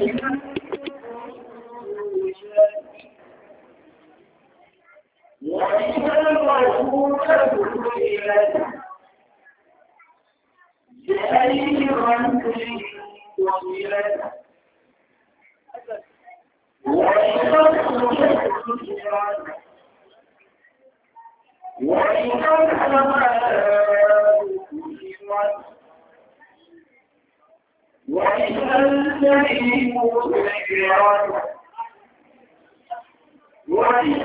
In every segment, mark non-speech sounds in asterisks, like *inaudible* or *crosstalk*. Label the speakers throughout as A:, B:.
A: Gracias.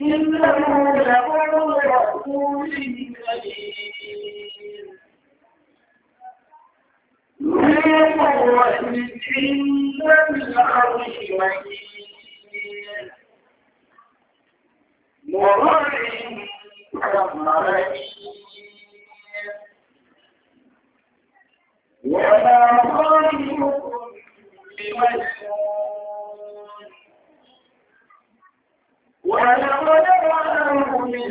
A: إنه لقول رسول كريم نور من عند العرش مكين مطاع ولا ولقد رآه بالمؤمن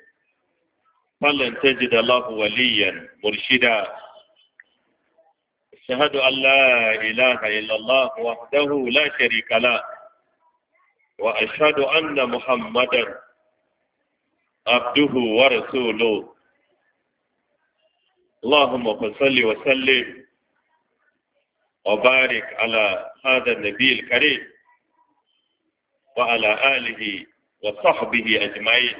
B: فلن تجد الله وليا مرشدا أشهد أن لا إله إلا الله وحده لا شريك له وأشهد أن محمدا عبده ورسوله اللهم صل وسلم وبارك على هذا النبي الكريم وعلى آله وصحبه أجمعين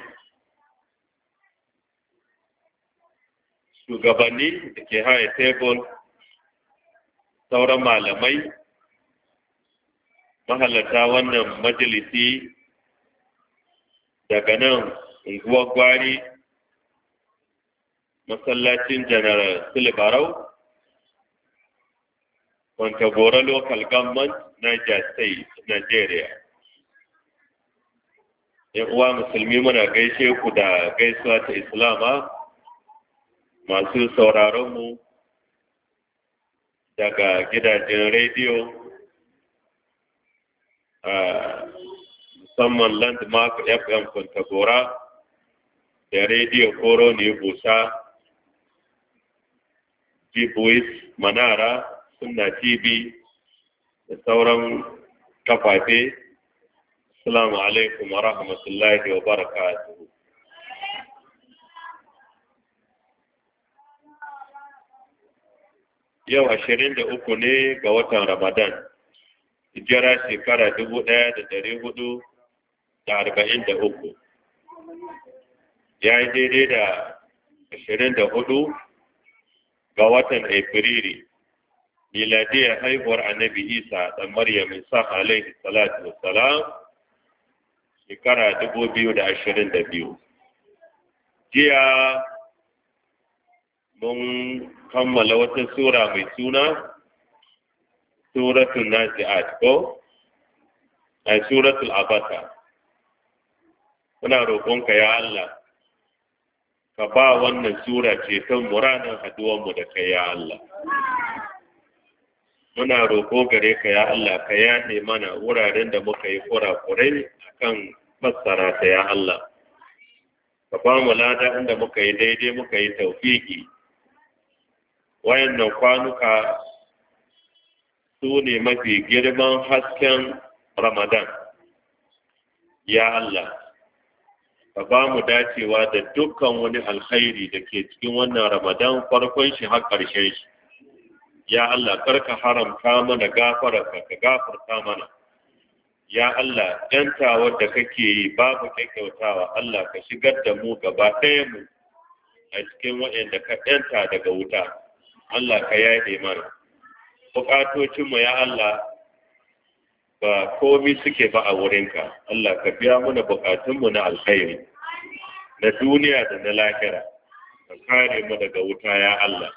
B: shugabanni da ke haya tebur sauran malamai mahalarta wannan majalisi daga nan unguwar gwari masallacin janar silibarau gora Local Government, Niger State, Nigeria. ‘Yan uwa musulmi muna gaishe ku da gaisuwa ta Islama masu sauraronmu daga gidajen rediyo musamman landmark fm kwantagora da rediyo koro ne busa jibuis manara suna tv da sauran kafafe Assalamu alaikum wa rahmatullahi wa barakatuh. yau ashirin da uku ne ga watan Ramadan, jira shekara dubu ɗaya da dari hudu da arba'in da uku. Ya yi daidai da ashirin da hudu ga watan Efiriri, miladiyar haihuwar annabi Isa da Maryam Isa alaihi salatu wassalam shekara dubu biyu da ashirin da biyu. Jiya mun kammala wata sura mai suna suratun nazi'at ko a suratul abasa muna roƙonka ya Allah ka ba wannan sura ce kan muranin haduwanmu da kai ya Allah muna roƙo gare ka ya Allah ka yaɗe mana wuraren da muka yi kurakurai akan fassara ta ya Allah ka ba mu lada inda muka yi daidai muka yi taufiki wayannan kwanuka su ne mafi girman hasken ramadan ya Allah ka ba mu dacewa da dukkan wani alkhairi da ke cikin wannan ramadan farkon shi har ƙarshen shi ya Allah karka haramta mana gafararka ka gafarta mana ya Allah da da kake yi babu kyakkyautawa Allah ka shigar da mu gaba mu a cikin waɗanda ka yanta daga wuta Allah ka yaɗe mana buƙatocinmu ya Allah ba komi suke ba a wurinka Allah ka biya mana mu na alkhairi na duniya da na lahira ka kare mu daga wuta ya Allah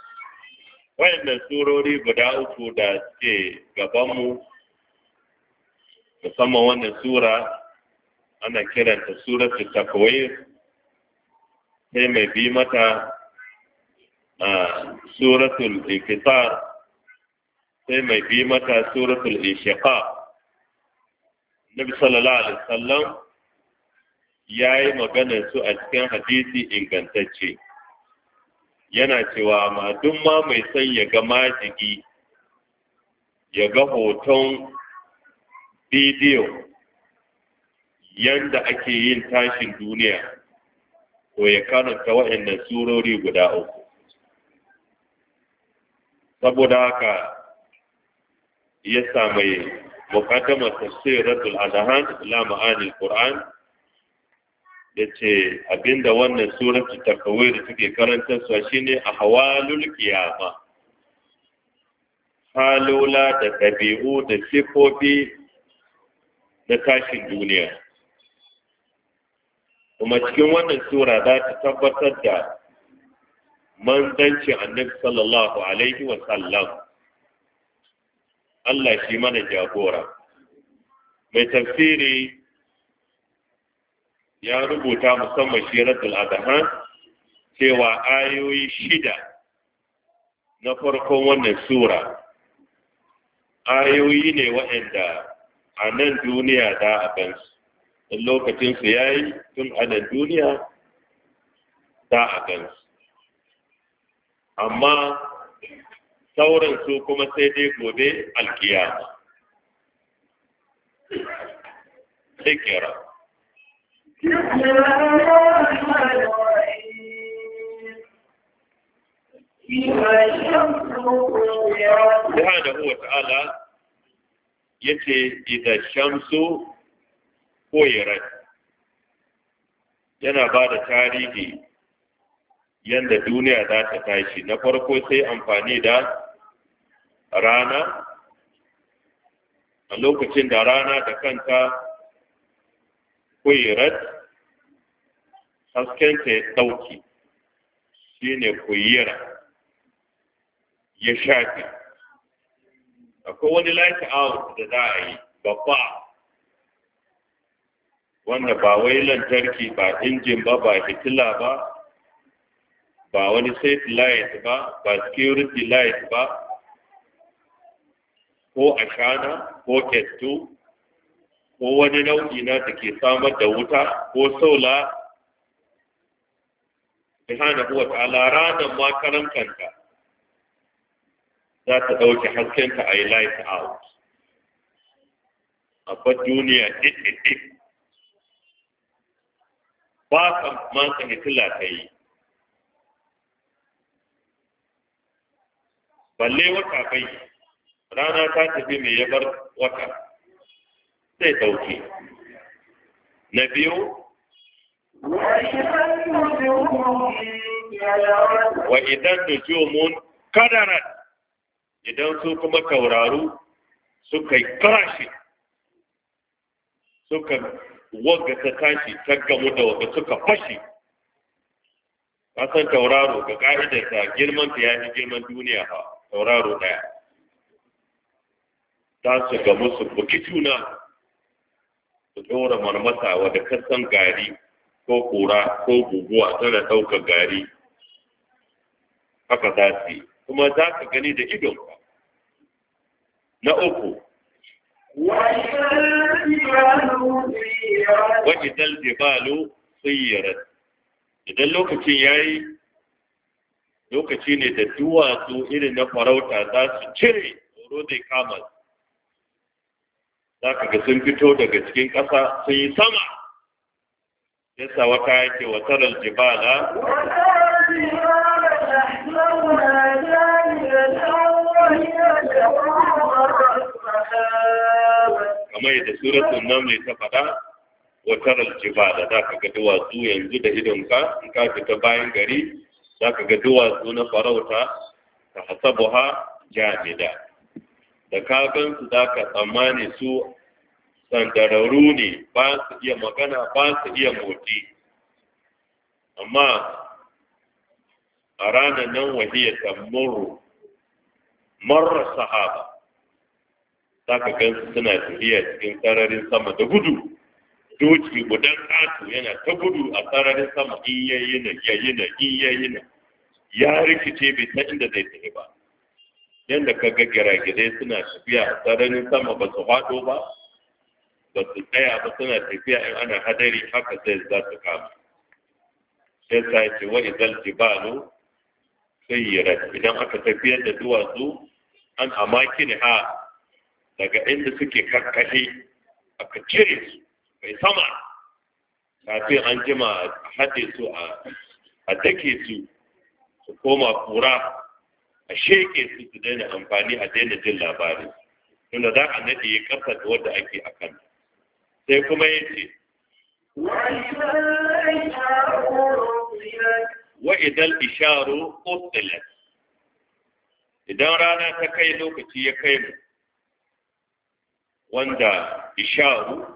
B: wayannan surori guda uku da ke gabanmu musamman wannan sura ana kiranta suratul takwai, sai mai bi mata suratul ikitar sai mai bi mata suratul ishiqa nabi sallallahu alaihi wasallam ya yi maganar su a cikin hadisi ingantacce yana cewa ma duk ma mai son ya ga majigi ya ga hoton bidiyo yadda ake yin tashin duniya to ya karanta waɗannan surori guda uku saboda haka ya samaye mukaddama tafsiratul adahan la ma'anil qur'an ce abinda wannan takawai da suke karantar su shine ahwalul qiyama halula da ɗabi'u da sifofi na tashin duniya kuma cikin wannan sura za ta tabbatar da manzancin annabi sallallahu alaihi wa sallam Allah shi mana jagora mai tafsiri ya rubuta musamman shi raddul adhan cewa ayoyi shida na farkon wannan sura ayoyi ne waɗanda a nan duniya da a su, lokacin lokacinsu ya tun a nan duniya da a gansu amma sauran su kuma sai dai gobe alkiyama ikira Subhanahu wa ta'ala ya ce, Ida shamsu koyirar, yana ba da tarihi yadda duniya za ta tashi na farko sai amfani da rana a lokacin da rana da kanta kuyirat haskenta ya ɗauki shi ne kuyira ya shafi akwai wani light out da za a yi babba wanda ba wai lantarki ba injin ba ba fitila ba ba wani safe light ba ba security light ba ko ashana ko kettu ko wani nau'i na da ke samar da wuta ko sola subhanahu wa ta'ala ranar ma kanta za ta ɗauke haskenta a yi light out abin duniya ɗiɗɗiɗɗi ba ka man ka hitila ta yi balle wata bai rana ta tafi mai yabar wata zai dauke na biyu wa idan da jomun kadarar idan su kuma tauraru suka yi kashi suka wagga ta kashi ta gamu da wagga suka fashi kasan tauraro ga ka'idarsa girman ta ya fi girman duniya ha sauraro ɗaya ta su musu su buki juna su ɗora marmata wadda kasan gari ko kura ko guguwa tana ɗaukar gari haka za su yi kuma za ka gani da idonka na uku wa idal tsayyarar idan lokacin yayi lokaci ne da duwatsu irin na farauta za su cire tsoro zai kama za ka ga sun fito daga cikin ƙasa sun yi sama yasa wata yake wasarar jibala kamar yadda suratun nan mai ta faɗa watarar jibala za ka ga duwatsu yanzu da idonka in ka fita bayan gari za ka ga duwatsu na farauta ta ha jami'a da ka gansu za ka tsammani su sandararru ne ba su iya magana ba su iya moti, amma a ranar nan wahiyar tamuru marar sahaba za ka gansu suna tafiya cikin sararin sama da gudu doci gudan ƙato yana ta gudu a sararin sama in yayi na yayi na in yayi na ya rikice bai ta inda zai tafi ba yadda ka ga gira-girai suna tafiya a sararin sama ba su haɗo ba ba su tsaya ba suna tafiya in ana hadari haka zai za su kama sai sa ce wa izal yi rai. idan aka tafiyar da duwatsu an amakin ha daga inda suke kakkashe aka cire su kai sama kafin an jima a haɗe su a take su su koma kura a sheke su su daina amfani a daina jin labarin tunda za a naɗe ya ƙasa da wadda ake a kan sai kuma ya ce wa idan isharu ƙutsilat idan rana ta kai lokaci ya kai mu wanda isharu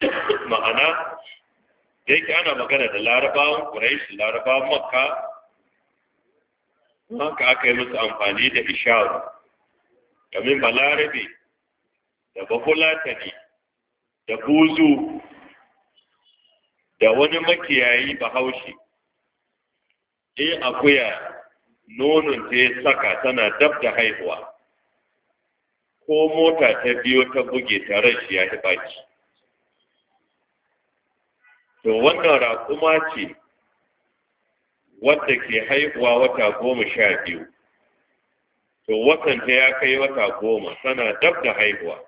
B: *coughs* ma'ana da yake ana magana da larabawan ƙuraishi larabawan makka haka aka yi musu amfani da isharu domin balarabe da bakulatani da buzu da wani makiyayi bahaushe in akuya nonon ta ya saka tana dab da haihuwa ko mota ta biyo ta buge tare shi ya ta baki to wannan raƙuma ce wadda ke haihuwa wata goma sha biyu to ta ya kai wata goma tana dab da haihuwa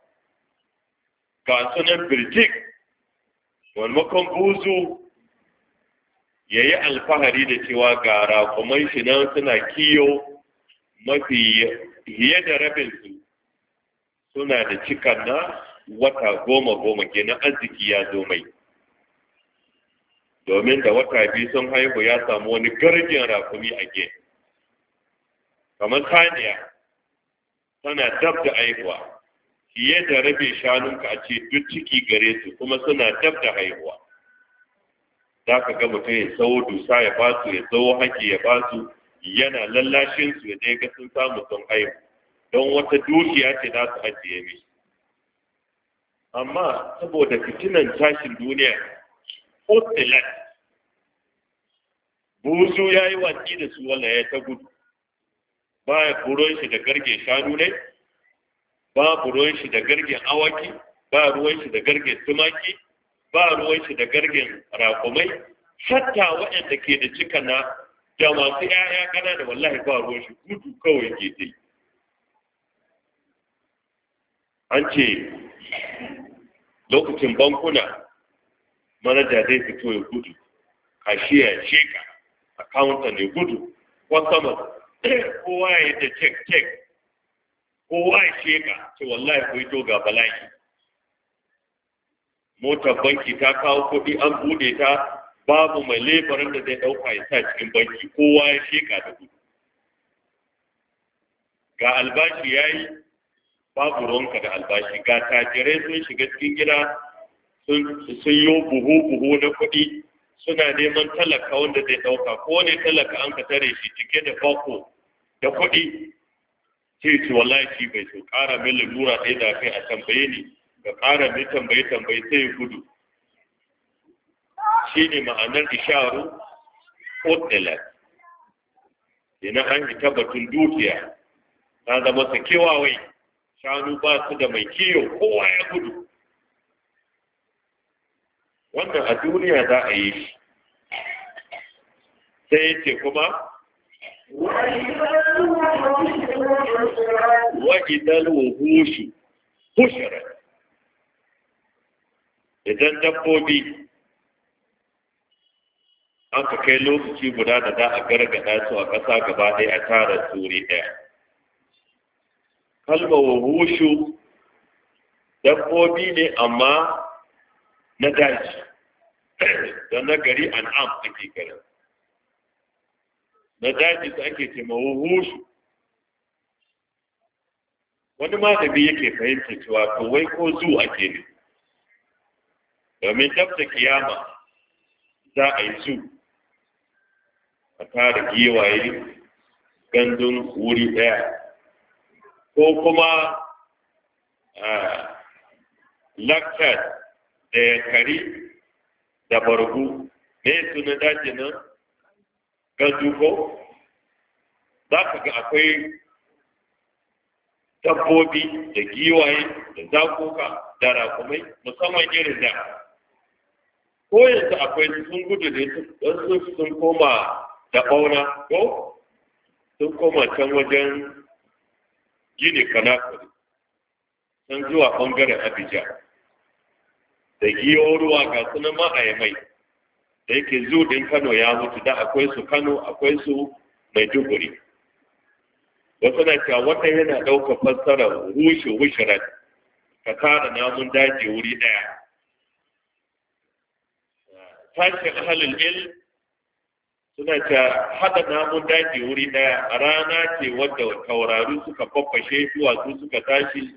B: ga sunan birjik walmakon buzu ya yi alfahari da cewa ga raƙuman shi nan suna kiyo mafi fiye da rabinsu suna da cikan na wata goma goma na arziki ya zo mai domin da wata biyu sun haihu ya samu wani garjin rakumi a ge kamar saniya tana dab da haihuwa fiye da rabe shanunka a ce duk ciki gare su kuma suna dab da haihuwa za ka ga mutum ya tsawo dusa ya ba su ya tsawo haƙi ya ba su yana lallashin su ya ga sun samu sun haihu don wata dukiya ce za su ajiye mishi amma saboda fitinan tashin duniya Uttilat. Buzu ya yi wasi da su wanda ya ta gudu. Ba ya buron shi da garge shanu ne, ba buron shi da garge awaki, ba ruwan shi da garge tumaki, ba ruwan shi da garge rakumai, hatta waɗanda ke da cika na da masu ‘ya'ya kana da wallahi ba ruwan shi gudu kawai ke dai. An ce lokacin bankuna manaja zai fito ya gudu kashiya ya sheka accountant ya gudu customer *clears throat* kowa ya yi ta cek cek kowa ya sheka ce wallahi ko yi ga bala'i motar banki ta kawo kuɗi an bude ta babu mai lebarin da zai ɗauka ya sa cikin banki kowa ya sheka da gudu ga albashi ya yi babu ronka da albashi ga tajirai sun shiga cikin gida sun yi buhu-buhu na kuɗi suna neman talaka wanda zai ɗauka ko ne talaka an ka tare shi cike da bako da kuɗi ce ce wallahi shi bai so ƙara min lura ɗaya da kai a tambaye ni ga ƙara min tambaye tambaye sai ya gudu shi ne ma'anar isharu ƙotilar ina an yi tabbatun dukiya Na zama wai shanu ba su da mai kiyo kowa ya gudu wannan a duniya za a yi shi sai ya ce kuma wa'idan wuhushu hushara. idan dabbobi an ka kai lokaci guda da za a gargada su a ƙasa gaba ɗaya a tara turi ɗaya kalmar wuhushu dabbobi ne amma na daji *clears throat* da na gari an'am ake garin na daji da ake ce mawuhushu wani malami yake fahimta cewa to wai ko zu ake ne domin dabta kiyama za a yi zu a tara giwaye gandun wuri ɗaya ko kuma ah, lakcar da kari da bargu me sunan daji nan gazuko za ka ga akwai dabbobi da giwaye da zakoka da rakumai musamman irin da ko yanzu akwai sun gudu da don sun koma da ɓauna ko sun koma can wajen gini kanakuri sun zuwa ɓangaren abijan da iyo ruwa ga sunan ma'aimai da yake zuɗin din Kano ya mutu da akwai su Kano akwai su Maiduguri wasu na cewa wata yana ɗaukar fassarar rushe wushirar ka tara namun daji wuri ɗaya tashin halin il suna cewa haɗa namun daji wuri ɗaya a rana ce wadda taurari suka zuwa duwatsu suka tashi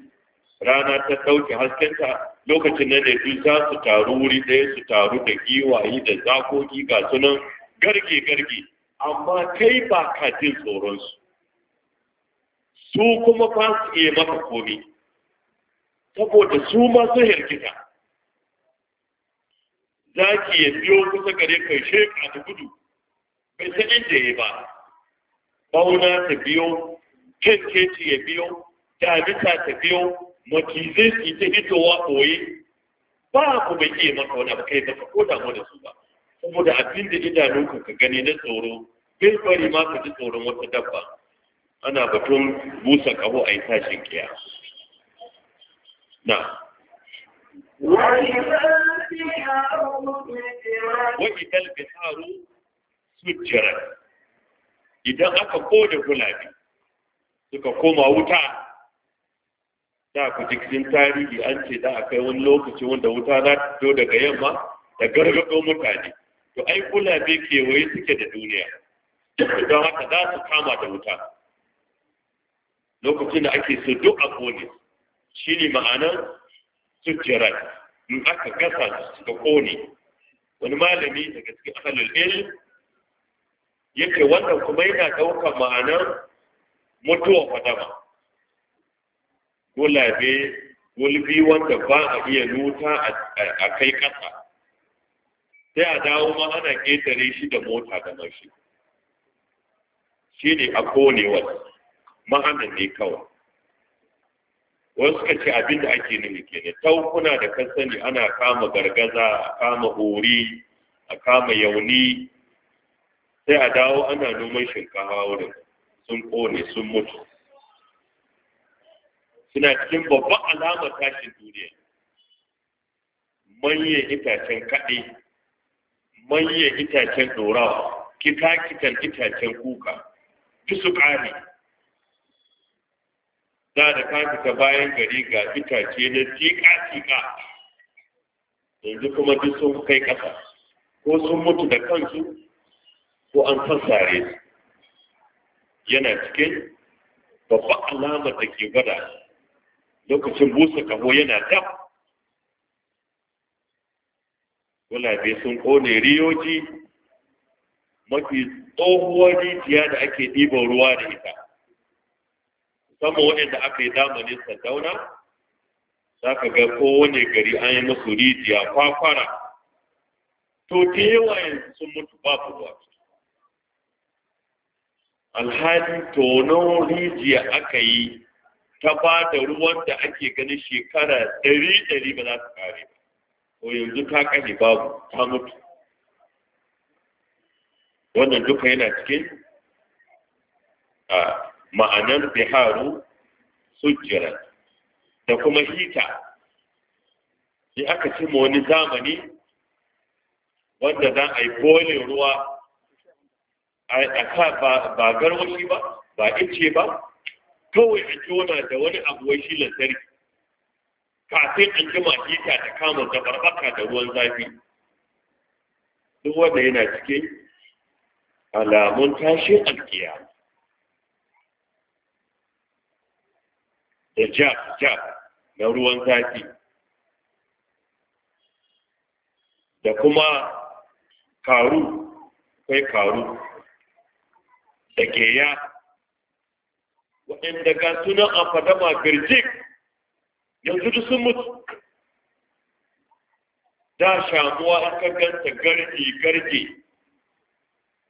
B: rana ta ɗauke haskenta lokacin nan da dusa su taru wuri ɗaya su taru da giwaye da zakoki ga sunan garge-garge amma kai ba ka jin tsoronsu su kuma ba su iya maka komi
A: saboda su masu
B: hirgita zaki ya biyo kusa gare kai sheka da gudu bai san inda ya ba bauna ta biyo kyankeci ya biyo damisa ta biyo macizai su ita hitowa koyi ba ku bai iya maka wani abu kai baka ko damu da su ba saboda abin da idanunku ka gani na tsoro bai bari ma ka ji tsoron wata dabba ana batun busa kaho a yi tashin kiya na
A: wani talbi haru
B: sujjara idan aka koda gulabi suka koma wuta da ku cikin tarihi an ce da akai wani lokaci wanda wuta za ta fito daga yamma da gargaɗo mutane to ai gulabe kewaye suke da duniya don haka za su kama da wuta lokacin da ake so duk a kone shi ne ma'anar sujjarat in aka gasa su suka kone wani malami daga cikin ahalul il yake wannan kuma yana ɗaukar ma'anar mutuwa fadama ko labe gulbi wanda ba a iya nuta a kai kasa sai a dawo ma ana ƙetare shi da mota da mashi shi ne a konewa, ma'anar ne kawai wasu suka ce abinda da ke nufi ta taukuna da kan sani ana kama gargaza a kama hori a kama yauni sai a dawo ana noman shinkawa wurin sun kone sun mutu suna cikin babban alamar tashin duniya manyan itacen kaɗe manyan itacen ɗorawa kitakitan itacen kuka duk su ƙare za da ka fita bayan gari ga itace na tiƙa-tiƙa yanzu kuma duk sun kai ƙasa ko sun mutu da kansu ko an sassare su yana cikin babban alamar da ke gwada lokacin busa kaho yana dab gulabe sun kone riyoji mafi tsohuwar rijiya da ake ɗiban ruwa da ita musamman waɗanda aka yi zamanin sandauna za ka ga kowane gari an yi musu rijiya kwakwara to ta yawa yanzu sun mutu babu ruwa alhali tonon rijiya aka yi ta ba da ruwan da ake ganin shekara ɗari ɗari ba za su kare ba ko yanzu ta kare babu ta mutu wannan duka yana cikin a ma'anar biharu sujjira da kuma hita sai aka ce ma wani zamani wanda za a yi bolin ruwa a ka ba garwashi ba ba ice ba kawai a jona da wani abu wai shi lantarki kafin an jima hita ta kama barbaka da ruwan zafi duk wanda yana cike alamun tashin alkiya da jab jab na ruwan zafi da kuma karu kai karu da ke ya waɗanda ga sunan a fadama birjik yanzu duk sun mutu da shamuwa aka ganta garje garje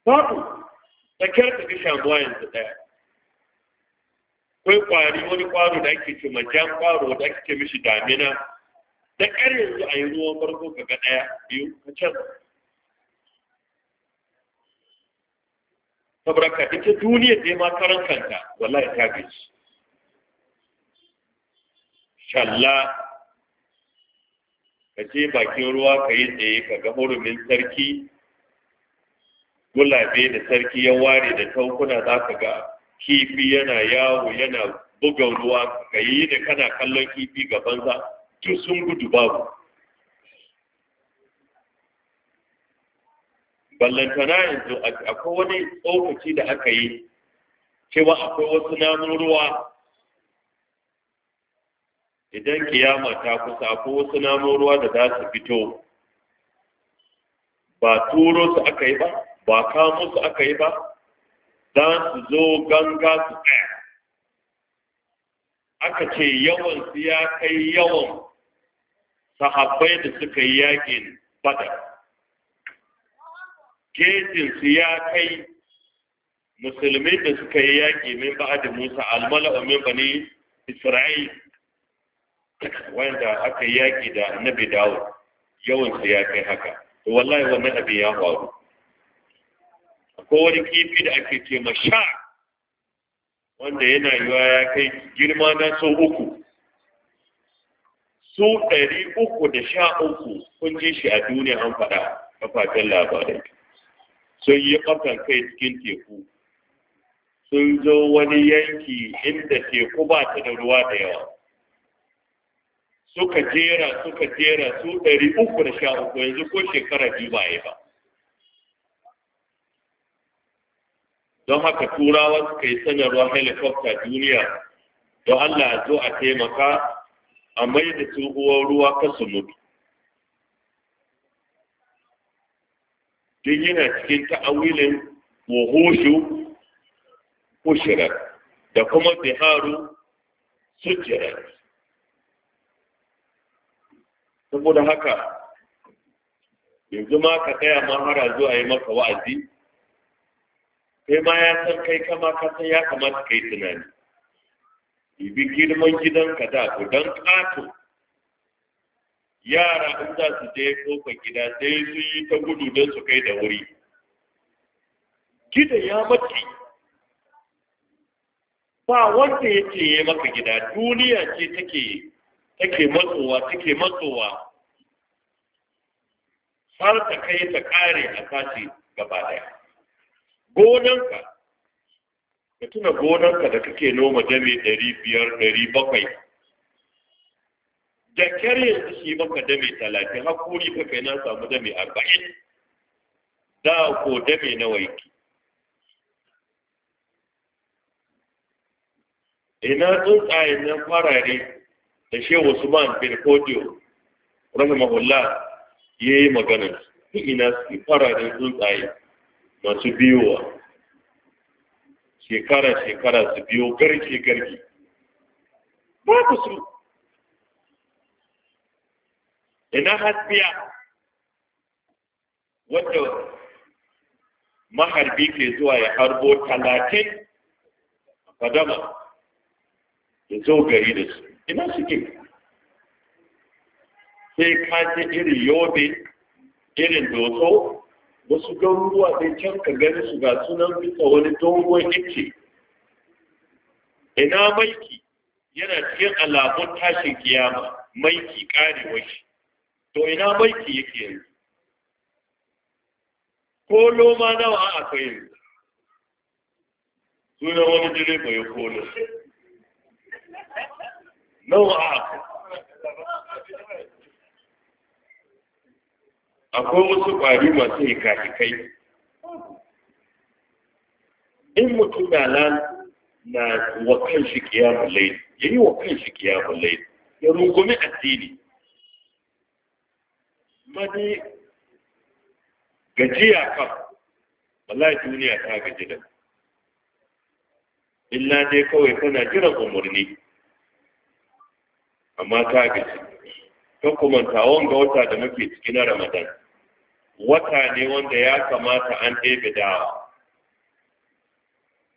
B: babu tsakiyar ta ga shamuwa yanzu ɗaya akwai kwari wani kwaro da ake ce majan kwaro da ake ce mishi damina da ƙar yanzu a yi ruwan farko ka ga ɗaya biyu a can saboda ka ita duniya ne ma karan kanta wallahi ta bi shalla ka je bakin ruwa ka yi tsaye ka ga hurumin sarki gulabe da sarki ya ware da taukuna za ka ga kifi yana yawo yana bugan ruwa ka yi da kana kallon kifi gaban za duk sun gudu babu ballantana yanzu akwai wani tsokaci da aka yi cewa akwai wasu namun ruwa idan kiyama ta kusa akwai wasu namun ruwa da za su fito ba turo su aka yi ba ba kamo su aka yi ba za su zo ganga su tsaya aka ce yawan su ya kai yawan sahabbai da suka yi yakin badar gejinsu ya kai musulmi da suka yi yaƙi min da Musa almala'u min ne Isra'il wanda aka yi yaƙi da annabi Dawud yawansu ya kai haka to wallahi wannan abin ya faru akwai wani kifi da ake ce ma sha wanda yana yiwa ya kai girma na sau uku su ɗari uku da sha uku kun ji shi a duniya an faɗa kafafen labarai sun yi ƙasar kai cikin teku sun zo wani yanki inda teku ba ta da ruwa da yawa suka jera suka jera su ɗari uku da sha uku yanzu ko shekara biyu ba ba don haka turawa suka yi sanarwa helikofta duniya don Allah zo a taimaka a mai da tsohuwar ruwa kasu mutu tun yana cikin ta'awilin wuhushu kushirar da kuma biharu sujirar saboda haka yanzu ma ka tsaya ma zuwa yi maka wa'azi Sai ma ya san kai kama ka san ya kamata kai tunani ibi girman gidanka da ku don yara in za su je kofar gida sai su yi ta gudu don su kai da wuri
A: gida ya maki ba
B: wanda ya ce ya maka gida duniya ce take take matsowa take matsowa har ta kai ta kare a kashi gaba daya gonanka ka tuna gonanka da kake noma jami ɗari biyar ɗari bakwai da kare yanzu shi maka dame talatin hakuri ka kai na samu dame arba'in da ko dame na ina tsuntsayen na farare da shehu usman bin kodiyo rahimahullah ya yi magana su ina su fararen tsuntsaye masu biyowa shekara-shekara su biyo garke-garke
A: ba ku su
B: ina haskiya wanda maharbi ke zuwa ya harbo talatin fadama ya zo gari da su ina suke sai kaji irin yobe irin doso wasu garuruwa sai can ka gani su ga sunan bisa wani dogon ice ina maiki yana cikin alamun tashin kiyama maiki karewar shi to ina baiki yake yanzu ko loma nawa a akwai Su sunan wani direba ya kolo nawa a akwai akwai wasu ƙwari masu hikahikai in mutum na na wa kan shi kiyamun lai ya yi wa kan shi kiyamun lai ya rungumi addini mani gajiya kan wallahi duniya ta gaji da illa ne kawai tana jiran umarni amma ta gaji ta tawon wanga wata da muke ciki na ramadan wata ne wanda ya kamata an ɗebe dawa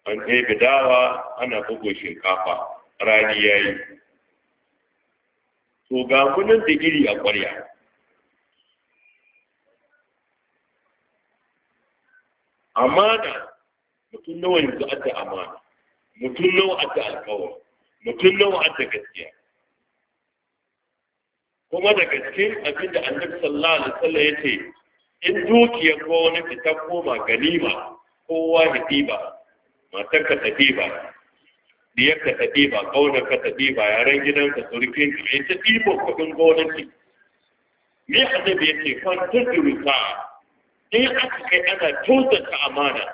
B: an ɗebe dawa ana bugo shinkafa rani ya yi to ga munan digiri a ƙwarya amana mutum nawa yanzu adda amana mutum nawa adda alkawar mutum nawa adda gaskiya kuma da gaske abin da annabi sallallahu alaihi wasallam yace in dukiya ko wani fita koma ganima kowa hidiba matar ka tafiba diyar ka tafiba kaunar ka tafiba yaran gidanka surukin ka ita ɗibo kuɗin gonaki me ce yace tun tudu rusa in aka kai ana ta amana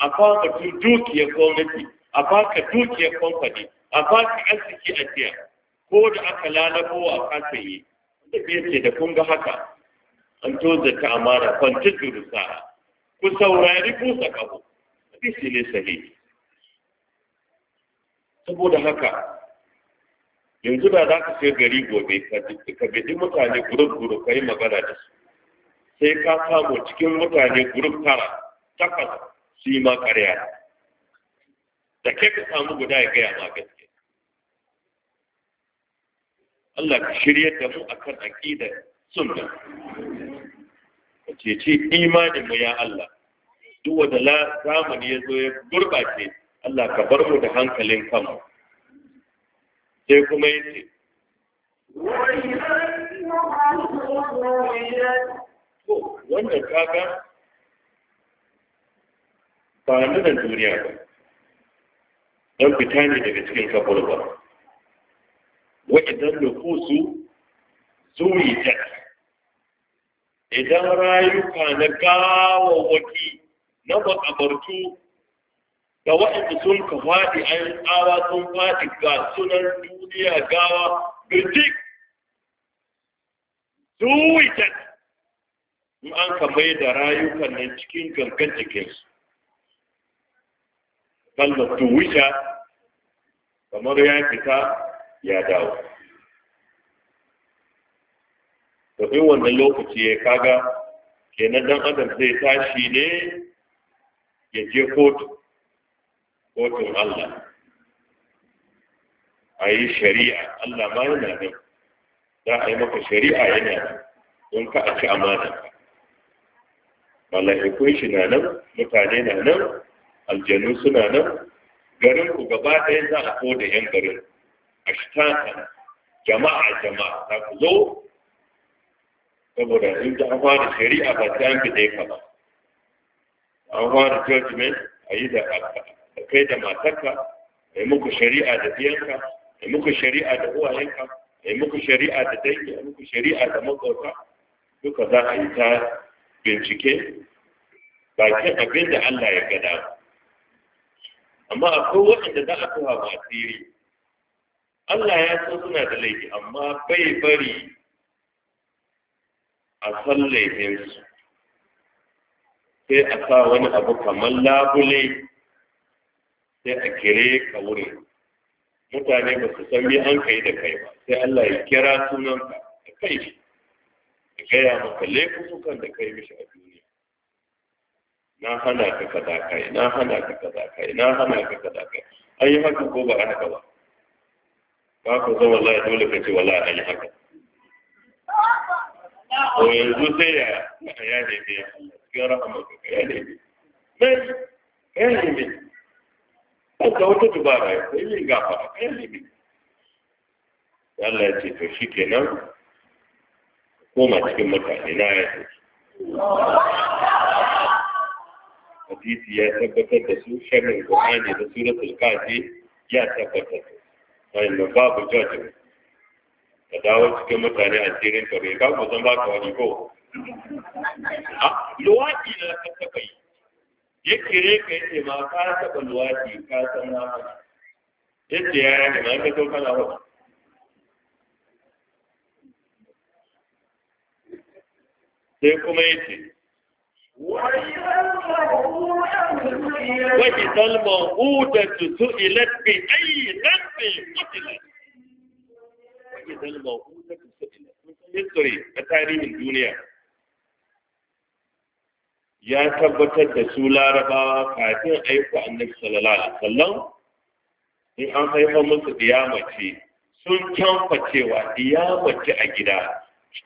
B: a baka dukiyar gwamnati a baka dukiyar kamfani a baka arziki a jiya ko da aka lalabo a kasa yi da ce da kun ga haka an tozarta amana kwantar jirusa ku saurari busa kabo hadisi ne sahi. saboda haka yanzu da za ka sai gari gobe ka bidi mutane gurup-gurup ka yi magana da su sai ka samu cikin mutane grup tara takwas su yi ma da ke ka samu guda ya gaya ma gaske Allah ka shirya da mu akan sun sunna ka cece imanin mu ya Allah duk wanda la zamani ya zo ya gurbace Allah ka bar mu da hankalin kanmu sai kuma yace wa Ko wannan kaga ba nuna duniya ba don fita ne daga cikin kafar ba wa'idan nufusu zuri ta idan rayuka na gawawaki na makabartu da waɗanda sun
A: ka faɗi an tsawa sun faɗi ga sunan duniya gawa da duk
B: zuri ta in an ka mai da rayukan nan cikin gangan jikinsu kalmar tuwisha kamar ya fita ya dawo to in wannan lokaci ya kaga kenan dan adam zai tashi ne ya je kotu kotun Allah a yi shari'a Allah ma yana nan za a yi maka shari'a yana nan don ka a ci amana mala'ikun shi na nan mutane na nan aljanu suna nan garin ku gaba ɗaya za a koda yan garin A ashtatan jama'a jama'a za ku zo saboda in ta fara shari'a ba ta yanke da ya ba an fara judgment a yi da kai da matarka a yi muku shari'a da biyanka a yi muku shari'a da uwayenka a yi muku shari'a da dangi a yi muku shari'a da makauta duka za a yi ta bincike ke abin da Allah ya gada amma akwai waɗanda za a kowa asiri Allah ya so suna da laifi amma bai bari a san laifinsu sai a sa wani abu kamar labule sai a kire ka wuri mutane ba su san me an kai da kai ba sai Allah ya kira sunanka a kai gaya maka laifukan da kai mishi a duniya
A: na hana ka kaza kai na hana ka kaza kai na hana ka kaza
B: kai ai haka ko ba haka ba ba ku zama wallahi dole ka ce wala ai haka ko yanzu sai ya ya ne ne ya rahama ka ya ne ne ya ne ne an ka wata dubara ya yi gafa ya ne ne Allah ya ce to shi kenan koma cikin mutane na ya ce hadisi ya tabbatar da su sharrin qur'ani da suratul kafi ya tabbatar da babu ba. ka dawo cikin mutane a jirin ka bai kawo zan baka wani ko a luwaki na ka taba yi ya kire ka yace ma ka taba luwaki ka san na yace ya yi ma ka to kana wata sai kuma ya ce
A: wani dalma huda tutu ilatbi ayi zambi mutila
B: wani dalma huda tutu ilatbi history na tarihin duniya ya tabbatar da su larabawa kafin aiko annabi sallallahu alaihi wasallam in an haifa musu diyamace sun canfa cewa diyamace a gida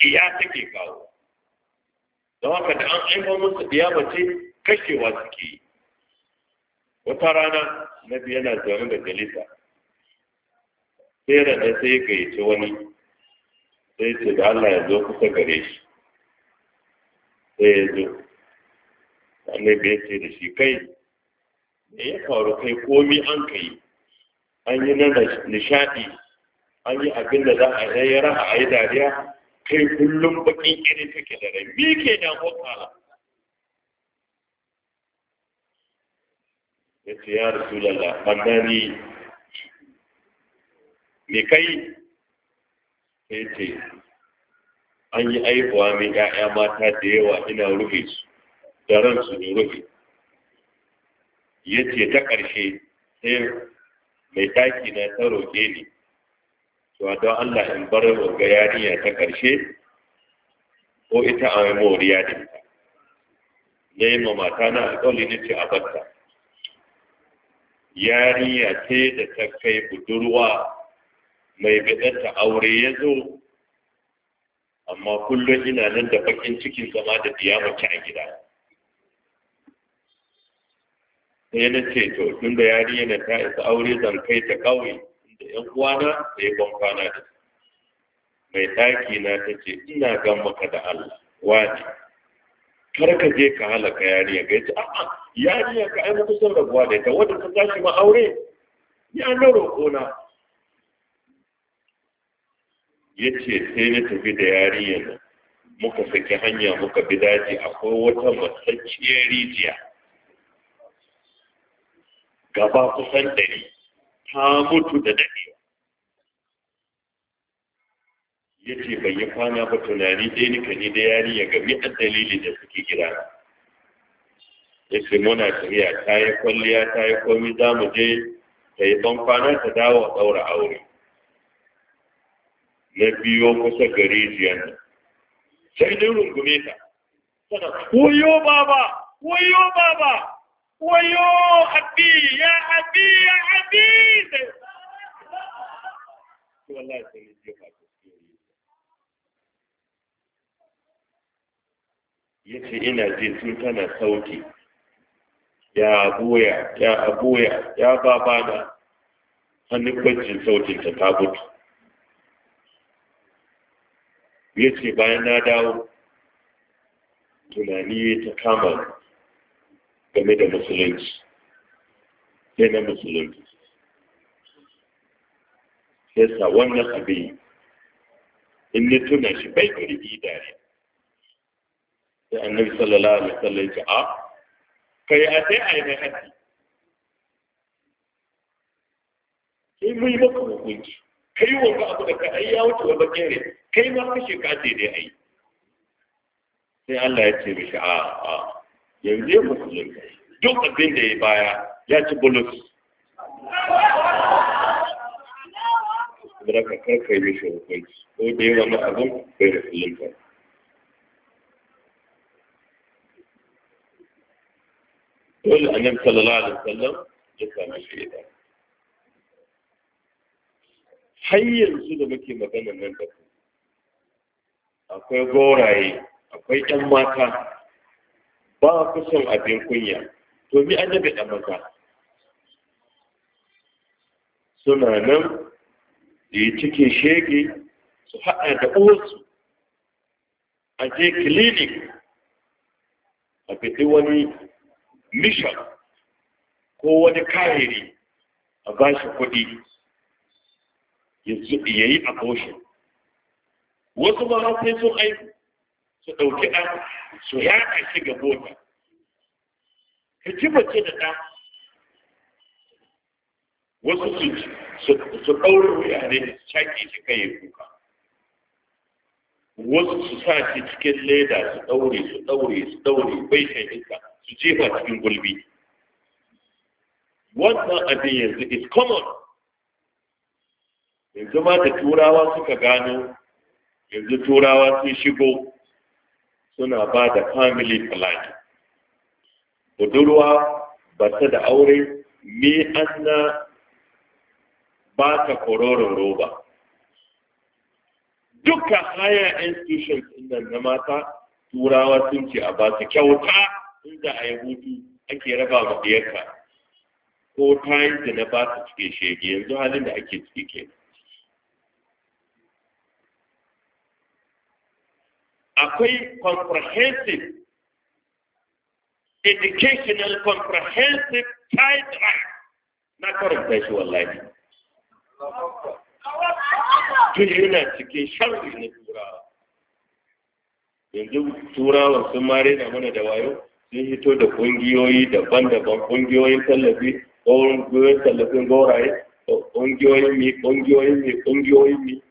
B: iya take kawo Da waka da an aiko musu ɗiya ce kashewa suke yi wata rana na biya na zaune da jalisa sai da ɗan sai yi gayyace wani sai ce da Allah ya zo kusa gare shi sai ya zo annabi bai ce da shi kai me ya faru kai komi an kai an yi na nishaɗi an yi abin da za a yi raha a yi dariya kai kullum bakin irin take da rai mi ke da motsa ya ya rasu lalla me kai sai an yi aihuwa mai ‘ya'ya mata da yawa ina rufe su da ransu ne rufe ya ce ta ƙarshe sai mai taki na ta roƙe ni cewa don Allah in bar ga yarinya ta ƙarshe ko ita a moriya moriya ne ma mata na alƙawari na ce a batta yarinya ce da ta kai budurwa mai ta aure ya zo amma kullum ina nan da bakin cikin zama da biya mace a gida sai na ce to tun da yarinya ta isa aure zan kai ta ƙauye da ‘yan uwana da ya kwana da mai ɗaki na ta ce ina gan maka da Allah wani kar ka je ka halaka yariya ga yace a'a yariya ka ai kusan rabuwa da ita wanda ka tashi ma aure ya na roƙo na yace sai na tafi da yariya na muka saki hanya muka bi daji akwai wata matsacciyar rijiya gaba kusan ɗari ta mutu da daɗewa ya ce bai yi kwana ba tunani ɗaya nika ni da yari ya gami a dalili da suke gida ya ce muna tafiya ta yi kwalliya ta yi komi za mu je ta yi ɗan kwana ta dawo a ɗaura aure na biyo kusa gari jiyan sai dai rungume ta
A: tana koyo baba koyo baba wayo abi يا abi يا abi
B: wallahi sai ina ji tun tana sauki ya abuya ya abuya ya da hannu kwancin sautinta ta gudu Yace bayan na dawo tunani ta kama game da musulunci sai na musulunci sa wannan abin in ni tuna shi bai kirgi da ne sai annabi sallallahu alaihi wasallam ya ce a kai a sai a yi mai haddi
A: sai mun yi maka hukunci
B: kai ba abu da ka ya wuce wa bakere kai ma kashe ka ce dai ai sai Allah ya ce mishi a a yanzu ya duk abin da ya baya ya ci bulus da ka karkai ne shi ko da yawa na abin bai da musulunta dole a nan sallallahu alaihi wasallam ya shi shaida Hanyar su da muke magana nan da akwai goraye akwai 'yan mata ba ku son abin kunya to bi an da maza suna nan da ya cike shege su haɗa da ƙosu a je klinik a fiɗi wani mishan ko wani kariri a ba shi kuɗi ya yi a ƙoshin wasu ba sai sun aiki su ɗauki ɗan su yaƙa shi ga bota ci mace da ɗan wasu su ɗaure wuya ne su shi kai ya kuka wasu su sa shi cikin leda su ɗaure su ɗaure su ɗaure bai shaikinka su jefa cikin gulbi wannan abin yanzu is common yanzu ma da turawa suka gano yanzu turawa sun shigo suna ba da family planning budurwa ba ta da aure me an na ba ta kororon roba duka higher institutions inda na mata
A: turawa sun ce a ba su kyauta
B: inda a yi hutu ake raba ma ɗiyarka ko yi da na ba su cike shege yanzu halin da ake ciki kenan
A: akwai comprehensive
B: educational comprehensive
A: child rights
B: na karanta shi wallahi tun yana cikin sharri na turawa yanzu turawa sun mare na mana da wayo sun hito da kungiyoyi daban-daban kungiyoyin tallafi kungiyoyin tallafin gauraye kungiyoyin mi kungiyoyin mi kungiyoyin mi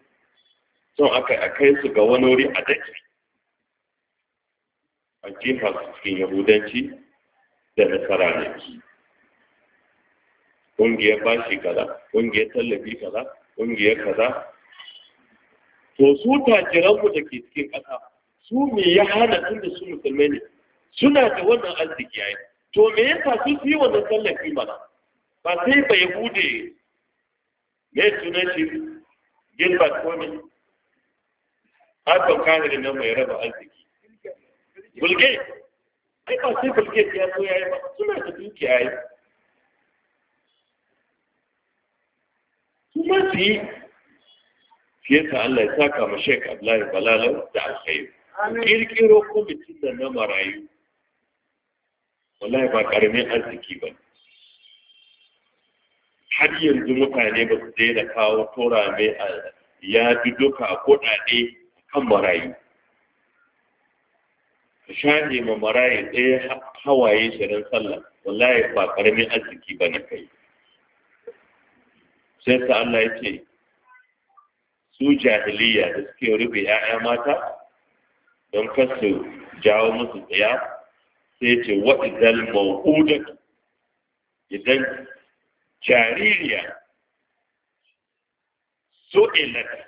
B: sun aka kai su ga wani wuri a daji a jefa su cikin yahudanci da ne ƙungiyar bashi kaza ƙungiyar tallafi kaza ƙungiyar kaza to su tajiranku da ke cikin ƙasa su me ya hana tun da su musulmai ne suna da wannan arziki yayi to me yasa su fi wannan tallafi mana ba sai ba ya bude me suna shi Gilbert a kan kahirin nan mai raba arziki bulge
A: ai ba sai bulge ya so ya yi ba suna da dukiya yi
B: kuma su yi fiye ta Allah ya saka ma Sheikh Abdullahi Balala da alkhairu. kirkiro kwamitin da na marayu wallahi ba karamin arziki ba har yanzu mutane ba su daina kawo turame a yadu duka kuɗaɗe kan marayu ka shaɗe ma maraye ɗaya hawaye shirin sallah wallahi ba ƙaramin arziki ba na kai sai ta Allah ya ce su jahiliya da suke rufe 'ya'ya mata don kasu jawo musu tsaya sai ce wa idan mawudat idan jaririya su'ilat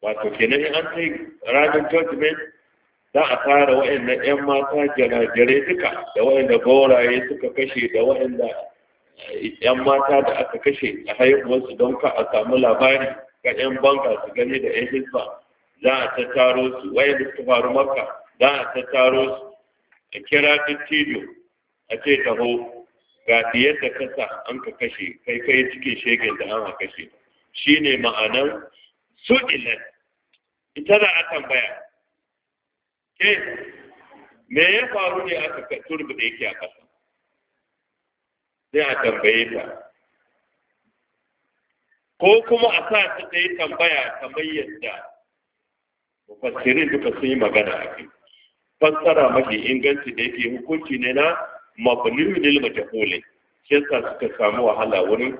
B: wato kenan an kai ranar judgment za a fara waɗannan 'yan mata janajare duka da waɗanda gauraye suka kashe da waɗanda 'yan eh, mata da aka kashe a haihuwarsu don ka a samu labari ga 'yan banka su gani da 'yan hisba za a tattaro su waɗanda suka faru maka za a tattaro su a kira dattijo a ce taho ga da kasa an ka kashe kai kai cikin shegen da an kashe Shi shine ma'anar su'ilat ita za a tambaya ke me ya faru ne aka turbuɗe yake a ƙasa sai a tambaye ta ko kuma a sa ta ta yi tambaya kamar yadda mufassirin duka sun yi magana a kai fassara mafi inganci da yake hukunci ne na mabniyu lil majhul shi yasa suka samu wahala wurin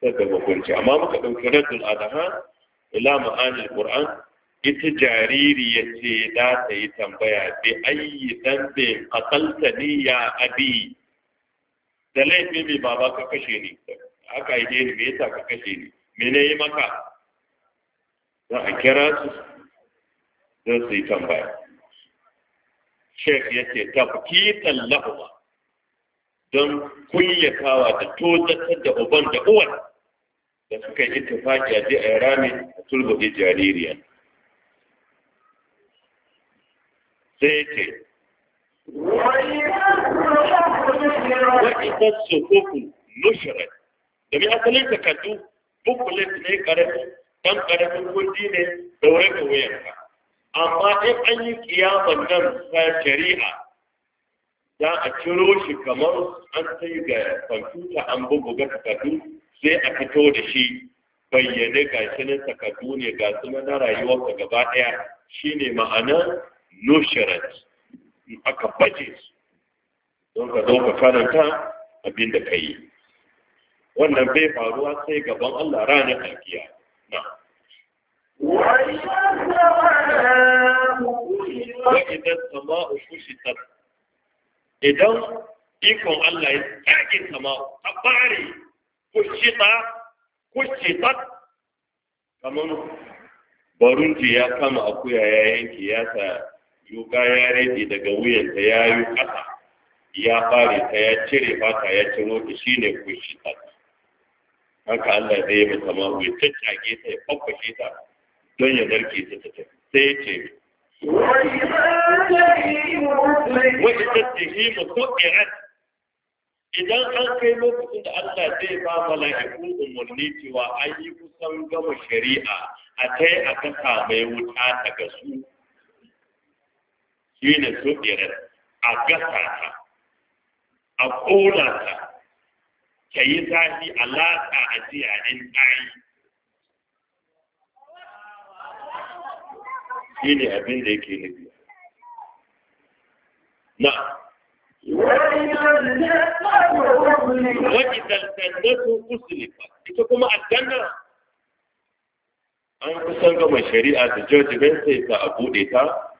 B: sadda hukunci amma muka ɗauki raddul adaha ila ma'anil qur'an ita jariri ya ce da ta yi tambaya bi ayi dan bin kasalta ni ya abi da laifin mai baba ka kashe ni aka yi ni me yasa ka kashe ni me ne yi maka za a kira su don su yi tambaya shek ya ce tafkitan lahuwa don kunyatawa da tozatar da uban da uwan da suka yi tafaki a je a rami a turbuɗe jaririya sai Wani
A: wa ita
B: suhufu nushrat domin asalin takardu bukulet ne karami dan karamin kundi ne da wai ka wuyanka amma in an yi kiyaman nan ta shari'a za a ciro shi kamar an sai ga kwamfuta an bubuga takardu sai a fito da shi bayyane ga shi takardu ne ga su na gaba ɗaya shine ma'anar nushirat aka baje su don ka zo ka karanta abin da ka yi wannan bai faruwa sai gaban Allah ranar alkiya na wa'idan sama'u kushitar idan ikon Allah ya tsage sama'u ta bare kushita kushitar kamar barunti ya kama akuya ya yanki ya sa yuka ya rage daga wuyanta ya yi ƙasa ya fare ta ya cire fata ya ciro ta shi ne kushi ta haka Allah zai yi mata ma ya caccage ta ya faffashe ta don ya narke ta ta sai ce
A: wani ta ma
B: ko iran idan an kai lokacin da Allah zai ba mala'iku umarni cewa an yi kusan gama shari'a a kai a kasa mai wuta daga su yana so suɗirar a gasa ta a ƙona ta ka yi zafi a latsa a jiya in ɗari shi ne abin da yake nufi na
A: wani daltannatu ba ita kuma a aljanna
B: an kusan gama shari'a da george benson ta a buɗe ta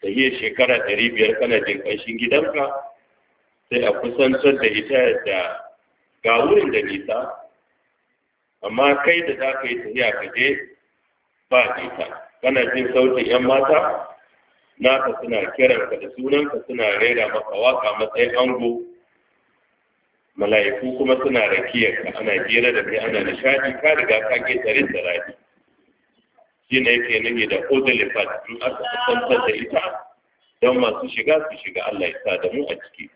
B: ta yi shekara ɗari biyar kana jin ƙanshin gidanka sai a kusantar da ita da ga wurin da nisa amma kai da za ka yi ta ka je ba nisa kana jin sautin 'yan mata naka suna kiranka da sunanka suna rera maka waka matsayin ango mala'iku kuma suna rakiyarka ana gera da kai ana nishadi ka riga ka ke tare da rafi shi ne yake nufi da uzulifat in aka kusantar da ita don masu shiga su shiga Allah ya sa da mu a ciki.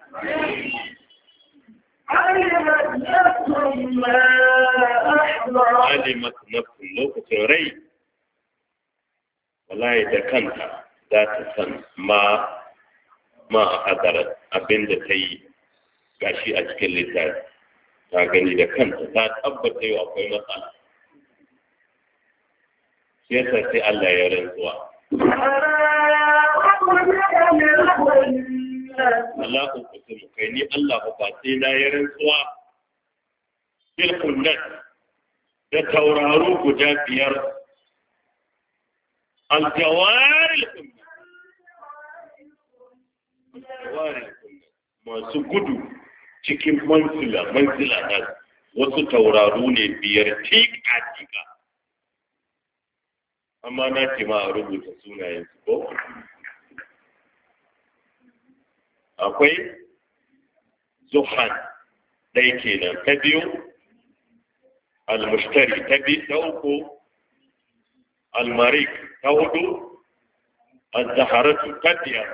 A: Alimat
B: nafsun lokacin rai, wallahi da kanta za ta san ma a hadar abin da ta yi gashi a cikin littafi. Ta gani da kanta ta tabbata yau akwai matsala. shi yasa sai Allah ya rantsuwa Allah ku kusa kai ni Allah ku ba sai na ya rantsuwa bil kunnat da tauraro guda biyar al jawari masu gudu cikin mansila mansila na wasu tauraro ne biyar ce amma na ce ma a rubuta sunayen su ko akwai zuhan ɗaya kenan ta biyu almushtari ta biyu ta uku almarik ta hudu azzaharatu ta biyar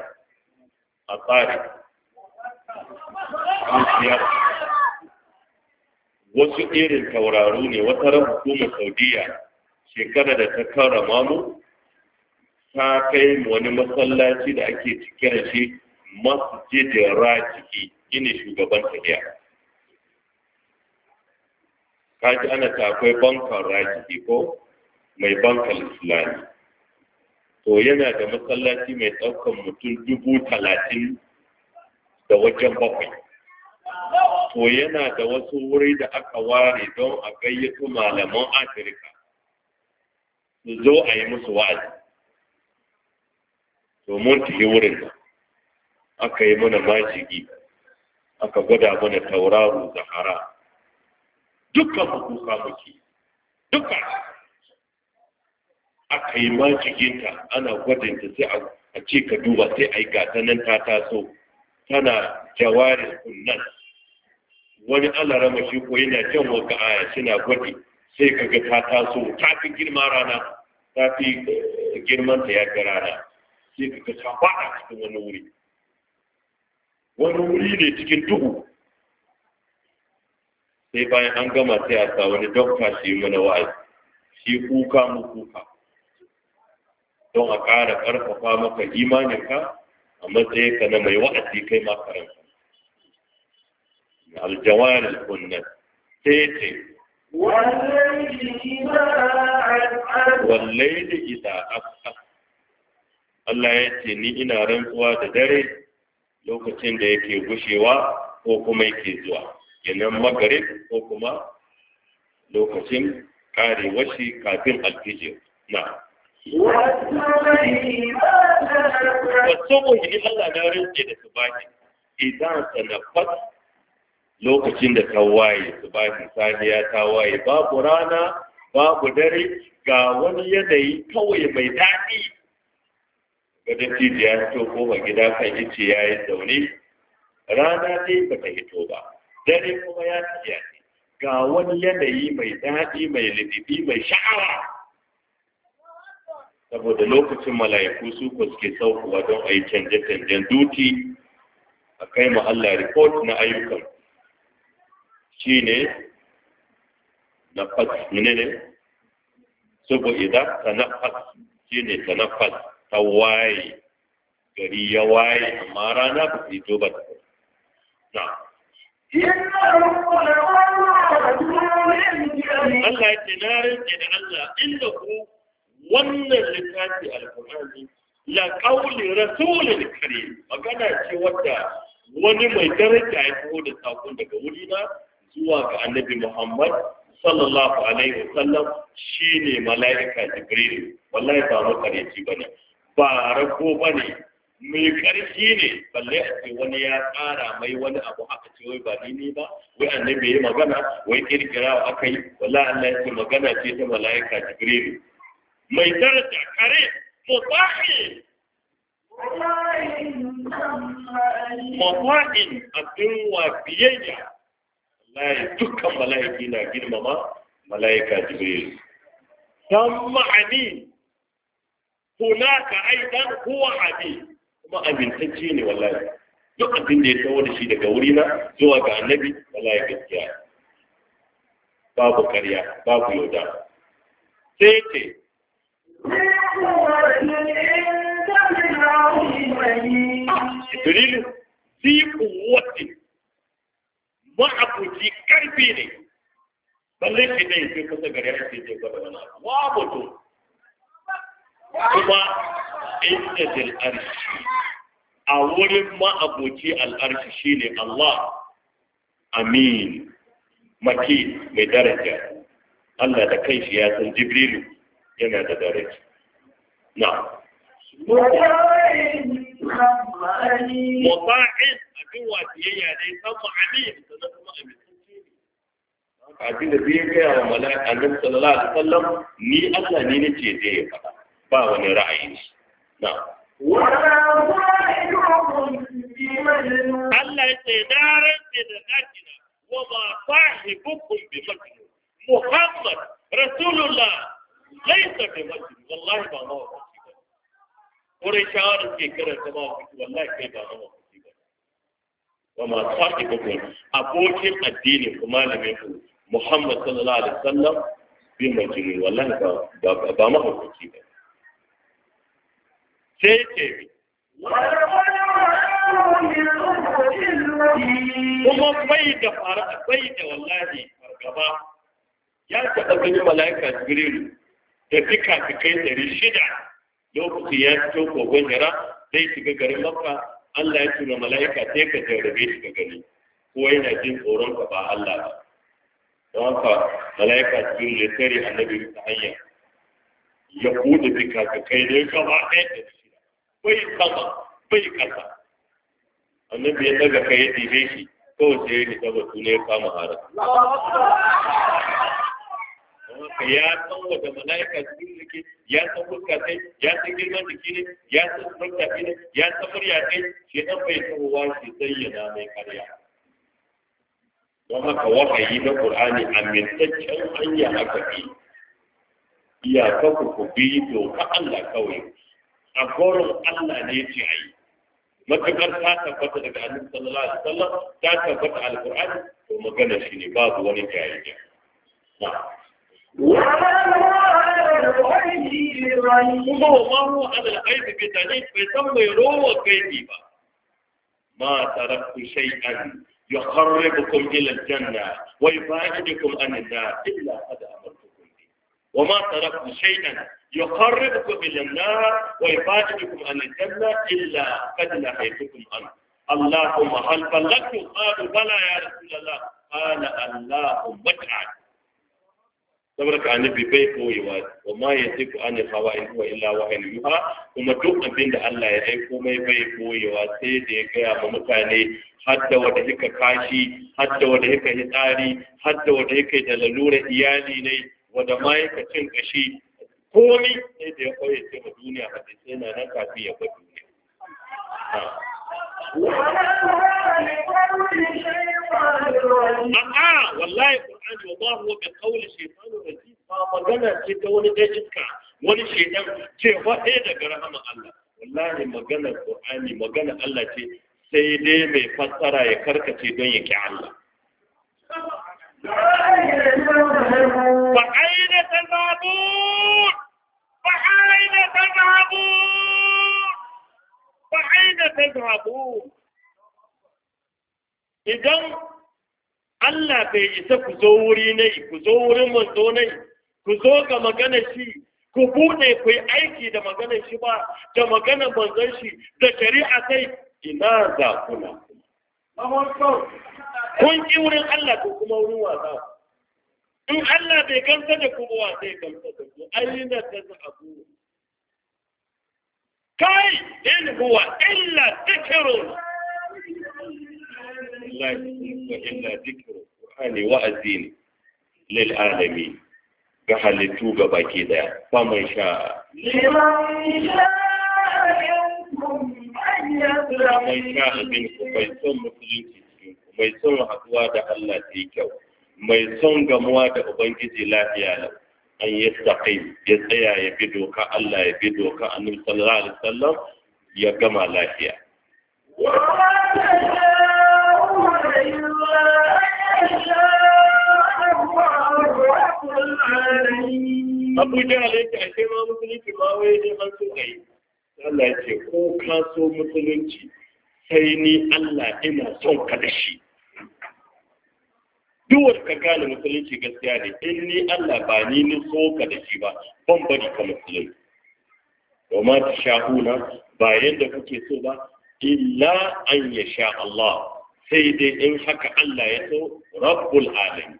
B: a tsari wasu irin tauraro ne wata ran hukumar saudiya shekara da ta kara mamu ta kai wani masallaci da ake cike da shi masjidin rajiki shine shugaban tafiya kaji ana ta akwai bankan rajiki ko mai bankan islami to yana da masallaci mai ɗaukan mutum dubu talatin da wajen bakwai to yana da wasu wuri da aka ware don a gayyato malaman afirka su zo a yi musu wa'azi Domin ta tafi wurin aka yi mana majigi aka gwada mana tauraro zahara dukkan hukuka muke dukkan aka yi majiginta ana gwadanta sai a ce ka duba sai a yi gata nan ta taso tana jawarin kunnan wani alarama shi ko yana jan waka aya suna gwadi sai ka ga ta taso ta fi girma rana ta fi girman ta ya ga rana sai ka ga ta faɗa cikin wani wuri wani wuri ne cikin duhu sai bayan an gama sai a sa wani dokta shi mana wa'azi shi kuka mu kuka don a ƙara ƙarfafa maka imaninka a ka na mai wa'azi kai ma karanta aljawar kunnan sai ce
A: wallai
B: da ita Allah ya ce ni ina rantsuwa da dare lokacin da yake gushewa ko kuma yake zuwa yanan magarib ko kuma lokacin kare washi kafin alfije na wasu muhimmi Allah na rinke da su baki idan sanafat lokacin da ta waye subahin safiya ta waye babu rana babu dare ga wani yanayi kawai mai daɗi ga da ya fito koma gida kan ice ya yi zaune rana dai ba ta hito ba dare kuma ya tafiya ga wani yanayi mai daɗi mai lidibi mai sha'awa saboda lokacin malayaku, su ko suke saukowa don a yi canje-canjen duti a kai ma Allah report na ayyukan shi ne nafas fas ne ne, saboda idan ta fas shi ne ta fas ta waye gari ya waye amma rana ba ta fito ba ta na
A: Allah ya ce na rinke da Allah inda ku
B: wannan littafi alkur'ani la qawli rasulil karim magana ce wadda wani mai daraja ya fi da sakon daga na zuwa ga annabi Muhammad sallallahu alaihi wa sallam shine mala'ika Jibril wallahi ba makareci bane ba rago bane mai ƙarfi ne balle a ce wani ya ƙara mai wani abu haka ce wai ba ni ba wai annabi ya magana wai kirkira aka yi wallahi Allah ya ce magana ce ta mala'ika Jibril mai
A: daraja kare mutahi
B: mutahin abin wa biyayya layi dukkan mala'iki na girmama mala'ika jibril
A: dan ma'ani ka aidan huwa abi
B: kuma amintacce ne wallahi duk abin da ya tawo da shi daga wurina zuwa ga annabi wallahi gaskiya babu karya babu yauda sai ce
A: ah,
B: jibril fi kuwatin ma'abuci karfi ne balle shi ne ke kusa gare shi ke gwada wani abu wa mutu, kuma inda dil arshi a wurin ma'abuci al'arshi ne, Allah amin maki mai daraja Allah da kai shi ya san Jibrilu yana da daraja na
A: وطاعن abin wasiyayya ne san ma'ani da na kuma amintacce ne
B: kafin da zai gaya wa mala'ika annabi sallallahu alaihi wasallam ni Allah ne nace zai ya faɗa ba wani ra'ayi ne na
A: Allah ya ce na rantse da zakina wa ma sahibukum bi majnun Muhammad Rasulullah laysa
B: bi majnun wallahi ba mawa wurin shawarar ke kare ma wallahi kai ba ma ba wa ma tsaki ko abokin addini ko malamin ku Muhammad sallallahu alaihi wasallam bi majnun wallahi ba ba ma ko ba sai ke
A: kuma bai da fara bai da
B: wallahi fargaba ya taɓa ganin mala'ika jibril da fika fikai ɗari shida lokaci ya fito kogon hira zai shiga garin makka Allah ya tura mala'ika sai ka jarrabe shi ka gani ko yana jin tsoron ka ba Allah ba don haka mala'ika su yi tare annabi ta hanya ya kuɗe bika ka kai ne gaba ɗaya da shi bai sama bai kasa annabi ya daga kai ya dibe shi kawai sai ya fita batu ne ya kama harin ya san wata mala'ika cikin yake ya san fuska sai ya san girman jiki ne ya san fuska ne ya san murya sai shi dan bai tsowa shi zayyana mai karya don haka wahayi na qur'ani amintaccen hanya aka bi iyakar ku ku bi doka Allah kawai a goron Allah ne ce ayi matukar ta tabbata daga annabi sallallahu alaihi wasallam ta tabbata alqur'ani to magana shine babu wani jayayya na'am ما تركت شيئا يقربكم إلى الجنة ويبعدكم عن النار إلا قد أمرتكم به وما تركت شيئا يقربكم إلى النار ويبعدكم عن الجنة إلا قد نهيتكم عنه اللهم هل بلغتم
A: قالوا بلى يا رسول الله قال
B: اللهم اجعل saboda an bi bai koyewa wa ma ya tiku an hawa in huwa illa in yuha kuma duk abin da Allah ya dai komai bai koyewa sai da ya gaya ma mutane hadda wanda yake kashi hadda wanda yake hitsari hadda wanda yake da lalura iyali ne wanda ma yake cin kashi komai sai da ya koyi ce duniya duniya hadisai na nan kafin ya bar duniya
A: A'a wallahi Qur'ani wa ma da bi qawli shaytanir
B: rajim ba magana ce ta wani da wani shaytan ce faɗe daga rahaman Allah wallahi maganar Qur'ani magana Allah ce sai dai mai fassara ya karkace don ya ki Allah
A: fa aina tazabun fa aina tazabun fa'ina ta zaɓo idan Allah bai isa ku zo wuri ne ku zo wurin manzo ne ku zo ga magana shi ku buɗe ku yi aiki da magana shi ba da magana manzon shi da shari'a kai
B: ina za kuna
A: kun ki wurin Allah ko kuma wurin wasa in Allah bai gamsa da kuma wasa ya gamsa da ku ayyana ta
B: zaɓo kai in huwa
A: illa dhikrun Allah wa
B: illa dhikrun Qur'ani wa azini lil alamin ga halittu ga baki daya fa sha
A: mai sha
B: abin ku mai son musulunci mai son haɗuwa da Allah ta kyau mai son gamuwa da Ubangiji lafiya lau an yi yastaqim ya tsaya ya bi doka Allah ya bi doka annabi sallallahu alaihi sallar ya gama lafiya
A: ma musulunci ma
B: ne Allah ya ce ko ka so musulunci sai ni Allah ina son ka da shi. duk ka gane musulunci gaskiya ne in ni Allah ba ni ni soka da shi ba ban bari ka musulunci wa ta shahuna ba yadda kuke so ba illa an ya sha Allah sai dai in haka Allah ya so rabbul alamin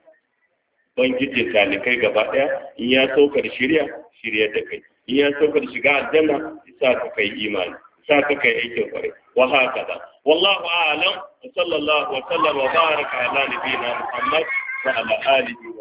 B: bangije talikai gaba daya in ya da shirya shirya da kai in ya da shiga aljanna isa ka kai imani sa ka yi aikin kwarai wa haka ba wallahu a'lam sallallahu wa sallam wa baraka ala nabiyina muhammad
A: wa ala alihi